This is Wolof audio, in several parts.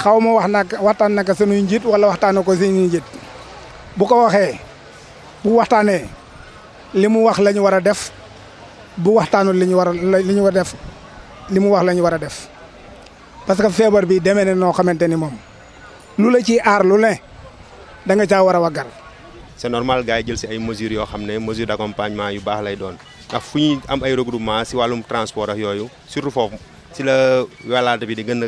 Kau ma wax nag waxtaan naka sunuy njiit wala waxtaana ko sunuy njiit bu ko waxee bu waxtaanee li wax la def bu waxtaanul li ñu war a def li wax la ñu def parce que bi lu la lu ne da nga c'est normal gars jël si ay mesures yoo xam ne mesures d'accompagnement yu lay doon ndax am ay regroupement si transporta transport ak yooyu surtout foofu si la wàllaate bi di gën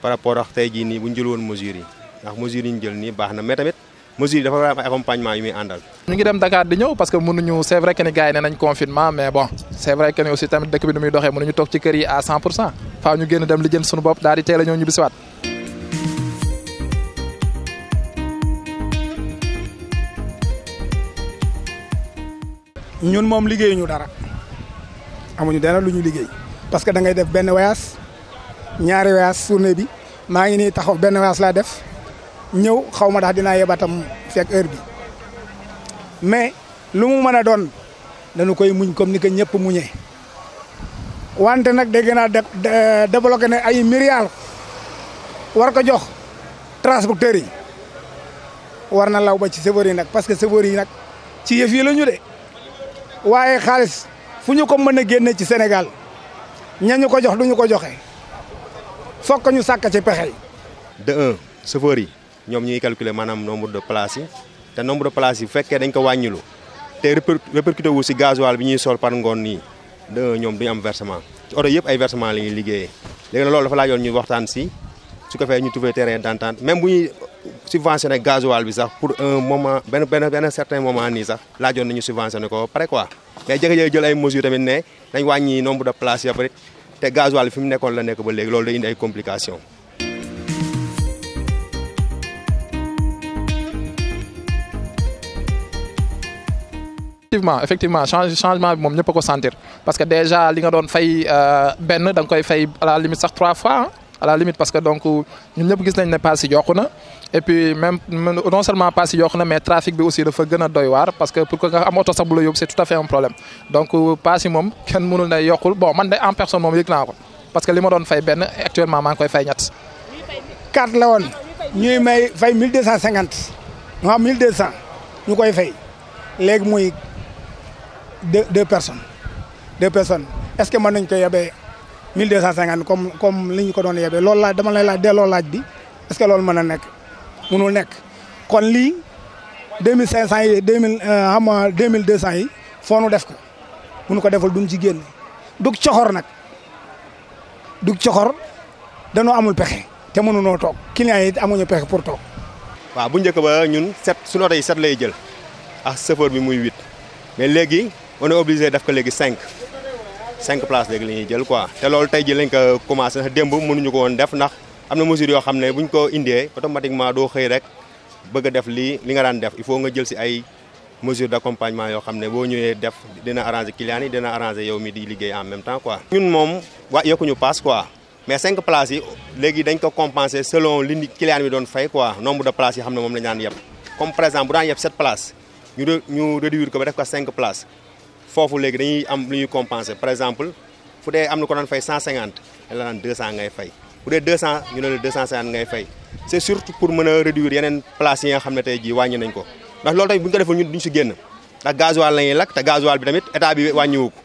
par rapport ak tay ji ni bu ñu jël woon mesures yi ndax mesure yi ñu jël ni baxna mais tamit mesure yi dafa war am accompagnement yu muy andal ñu ngi dem Dakar di ñëw parce que mënuñu c' est vrai que ni gaay nañ confinement mais bon c'est vrai que ni aussi tamit dëkk bi nu muy doxee mënuñu tok ci kër yi à 100 pour faaw ñu gën dem li jël suñu bop daal di teel a ñëw ñu bisiwaat. ñun moom liggéeyuñu dara amuñu dara lu ñu liggéey parce que da ngay def benn voyage ñaari wess journée bi ma ngi ni taxaw ben wess la def ñew xawma ma dina yebatam fek heure bi mais lu mu meuna don doon dañu koy muñ comme ni ko ñepp muñé wante nak dégg naa développer ne ay milliards war ko jox transporteur yi war na law ba ci chauffeurs nak parce que chauffeurs nak ci yef yi lañu dé de xaliss fuñu ko mën génné ci Sénégal ñañu ko jox duñu ko joxé fokk ñu sàkk ci pexe yi. de un chauffeur yi ñoom ñuy calculer maanaam nombre de places yi te nombre de places yi bu fekkee dañ ko wàññilu te répercuté wu si gasoil bi ñuy sol par ngoon nii de un ñoom duñu am versement ci oto yëpp ay versement la ñuy liggéeyee léegi nag loolu dafa laajoon ñu waxtaan si su ko fee ñu trouver terrain d'entente même bu ñuy subventionné gasoil bi sax pour un moment benn benn benn certain moment nii sax laajoon nañu subventionné ko pare quoi mais jékki-jékki jël ay mesures tamit ne de places te gasoil fi mu nekkoon la nekk ba léegi loolu day indi ay complications. effectivement effectivement changement bi moom ñëpp ko sentir parce que déjà li nga doon fay euh, benn da nga koy fay à la limite sax trois fois hein, à la limite parce que donc ñun ñëpp gis nañ ne paas yi yokku na et puis même non seulement pas si yokk mais trafic aussi dafa feu a doy parce que pour que nga am oto c'est tout à fait un problème donc euh, pas si moom kenn mënul ne yokul bon man de en personne mom yëg parce que li ma don fay ben actuellement maa koy fay ñett. carte la won ñuy may fay 1250 non 1200 nous fay deux deux personnes deux personnes est-ce que man nañ ko yebee 1250 comme comme liñ ko don yebee lool la dama lay la laaj bi est-ce que lool mën munul nekk kon lii 2500 yi 2000 euh, xam nga 2200 yi foo nu def ko munu ko defal duñ ci génn dug coxor nag dug coxor danoo amul pexe te mënunoo toog clients yi amuñu pexe pour toog. waaw bu njëkk ba ñun set suñu oto yi set lay jël a chauffeur bi muy huit mais léegi wane est def ko léegi cinq cinq places léegi la ñuy jël quoi te loolu tey ji lañ ko commencé ndax démb mënuñu ko woon def nax amna mesure yo xamne buñ ko indé automatiquement do xey rek bëgg def li li nga daan def il faut nga jël ci ay mesure d'accompagnement yo xamne bo ñëwé def dina arranger client yi dina arranger yow mi di liggéey en même temps quoi ñun mom wa yoku ñu passe quoi mais 5 places yi légui dañ ko compenser selon li client yi doon fay quoi nombre de places yi xamne mom la ñaan yeb comme par exemple bu daan yeb 7 places ñu ñu réduire ko ba def ko 5 places fofu légui dañuy am lu ñuy compenser par exemple fu dé am na ko daan fay 150 la daan 200 ngay fay bu dee 200 ñu ne la 250 ngay fay c' surtout pour mën a réduire yeneen places yi nga ne tey jii wàññi nañ ko ndax loolu tamit bu ñu ko deful ñun duñ si génn ndax gasoil lañuy lakk te gasoil bi tamit état bi wàññiwu ko.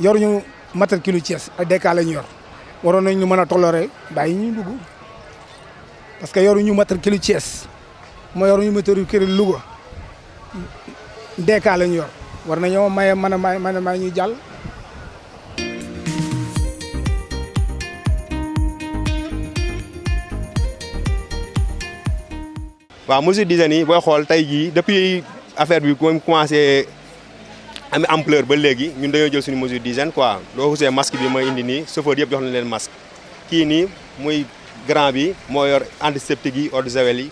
yoruñu matricule Thiès ak DK la ñu yor waroon nañ ñu mën a tolloore bàyyi ñuy dugg parce que ñu yoruñu matricule Thiès moo yoruñu matricule Louga DK la ñu yor war nañoo maye mën a may mën a may ñuy jàll. waaw mesure d'hygiène yi booy xool tey jii depuis affaire bi comme commencé am ampleur ba léegi ñun dañoo jël suñu mesure d'hygiène quoi loo xusee masque bi ma indi nii chauffeur yëpp jox na leen masque kii nii muy grand bi moo yor antiseptique yi eau de javel yi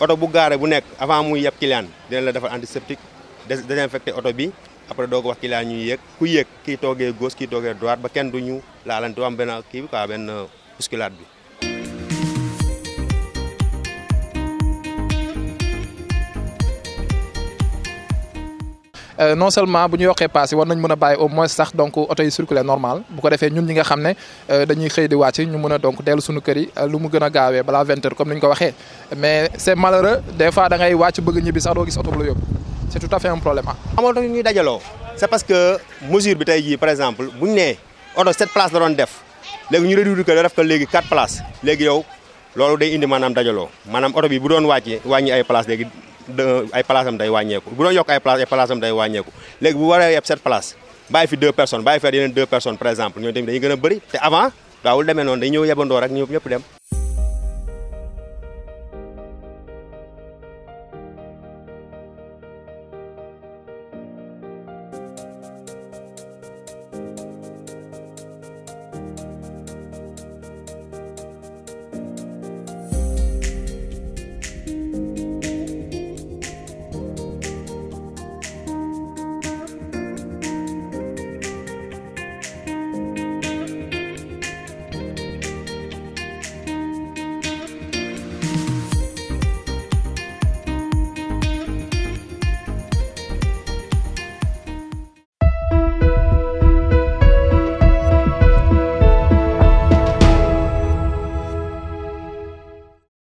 oto bu gaare bu nekk avant muy yeb client dina la defal antiseptique désinfecté oto bi après doo ko wax client ñuy yéeg ku yéeg kii toogee gos ki toogee droite ba kenn du ñu laalante am benn kii bi quoi bi Euh, non seulement bu ñu yokkee paas war nañ mëna a au moins sax donc auto yi circuler normal bu ko défé ñun ñi nga xamné ne euh, dañuy xey di wacc ñu mëna donc délu suñu kër yi euh, lu mu gën a gaawee balaa vingt comme ni ko waxé mais c'est malheureux des fois da ngay wacc bëgg ñibi sax do gis auto bu la yóbbu c' tout à fait un problème ah. amoon ñuy dajaloo c'est parce que mesure bi tay ji par exemple buñ né auto oto sept places la doon def légui ñu réduire ko def ko légui 4 places légui yow lolu day indi manam dajaloo manam auto bi bu doon wàcce wañi ay place légui ay place am day wàññeeku bu doon yokk ay place ay place am day wàññeeku léegi bu waree yeb sept place bàyyi fi deux personnes bàyyi fi yeneen deux personnes par exemple ñooñu tamit dañuy gën a bëri te avant daawul demee noonu dañuy ñëw yebandoo rek ñëpp ñëpp dem